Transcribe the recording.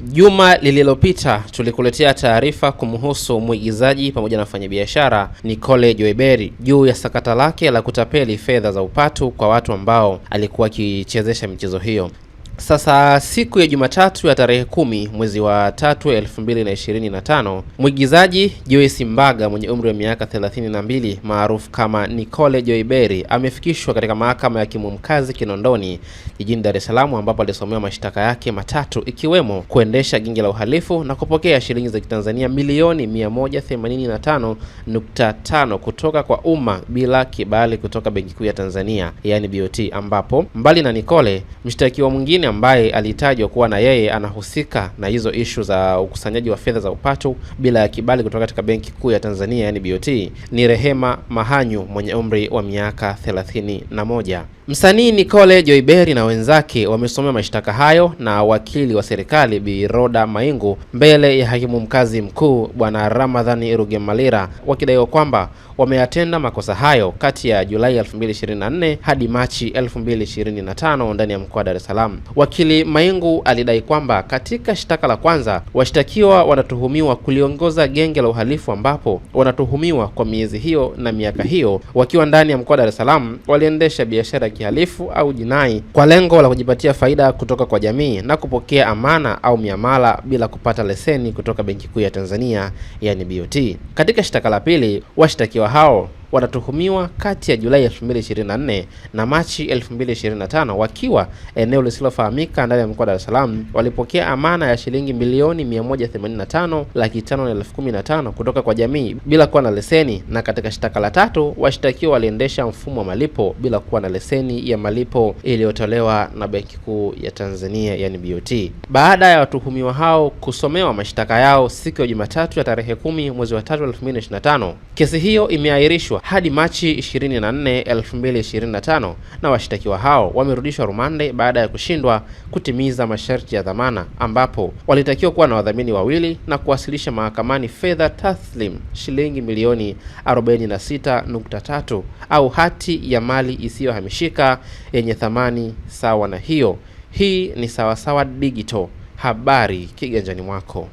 Juma lililopita tulikuletea taarifa kumhusu mwigizaji pamoja na mfanyabiashara Nicole Joyberry juu ya sakata lake la kutapeli fedha za upatu kwa watu ambao alikuwa akichezesha michezo hiyo. Sasa siku ya Jumatatu ya tarehe kumi mwezi wa tatu elfu mbili na ishirini na tano mwigizaji Joyce Mbaga mwenye umri wa miaka 32 maarufu kama Nicole Joyberry amefikishwa katika mahakama ya hakimu mkazi Kinondoni jijini Dar es Salaam ambapo alisomewa mashtaka yake matatu ikiwemo kuendesha genge la uhalifu na kupokea shilingi za Kitanzania milioni 185.5 kutoka kwa umma bila kibali kutoka Benki Kuu ya Tanzania yaani BOT ambapo mbali na Nicole mshtakiwa mwingine ambaye alitajwa kuwa na yeye anahusika na hizo ishu za ukusanyaji wa fedha za upatu bila ya kibali kutoka katika Benki Kuu ya Tanzania yani BOT ni Rehema Mahanyu mwenye umri wa miaka thelathini na moja. Msanii Nicole Joyberry na wenzake wamesomea mashtaka hayo na wakili wa serikali Bi Roda Maingu mbele ya hakimu mkazi mkuu Bwana Ramadhani Rugemalira wakidaiwa kwamba wameyatenda makosa hayo kati ya Julai 2024 hadi Machi 2025 ndani ya mkoa wa Dar es Salaam. Wakili Maingu alidai kwamba katika shtaka la kwanza washtakiwa wanatuhumiwa kuliongoza genge la uhalifu ambapo wanatuhumiwa kwa miezi hiyo na miaka hiyo wakiwa ndani ya mkoa wa Dar es Salaam waliendesha biashara kihalifu au jinai kwa lengo la kujipatia faida kutoka kwa jamii na kupokea amana au miamala bila kupata leseni kutoka Benki Kuu ya Tanzania, yani BOT. Katika shtaka la pili, washtakiwa hao wanatuhumiwa kati ya Julai 2024 na Machi 2025 wakiwa eneo lisilofahamika ndani ya mkoa wa Dar es Salaam walipokea amana ya shilingi milioni 185 laki tano na elfu kumi na tano kutoka kwa jamii bila kuwa na leseni, na katika shtaka la tatu washtakiwa waliendesha mfumo wa malipo bila kuwa na leseni ya malipo iliyotolewa na Benki Kuu ya Tanzania yani BOT. Baada ya watuhumiwa hao kusomewa mashtaka yao siku ya Jumatatu ya tarehe kumi mwezi wa tatu 2025, kesi hiyo imeahirishwa kuchunguzwa hadi Machi 24, 2025 na washtakiwa hao wamerudishwa rumande baada ya kushindwa kutimiza masharti ya dhamana, ambapo walitakiwa kuwa na wadhamini wawili na kuwasilisha mahakamani fedha taslim shilingi milioni 46.3 au hati ya mali isiyohamishika yenye thamani sawa na hiyo. Hii ni Sawasawa Digital, habari kiganjani mwako.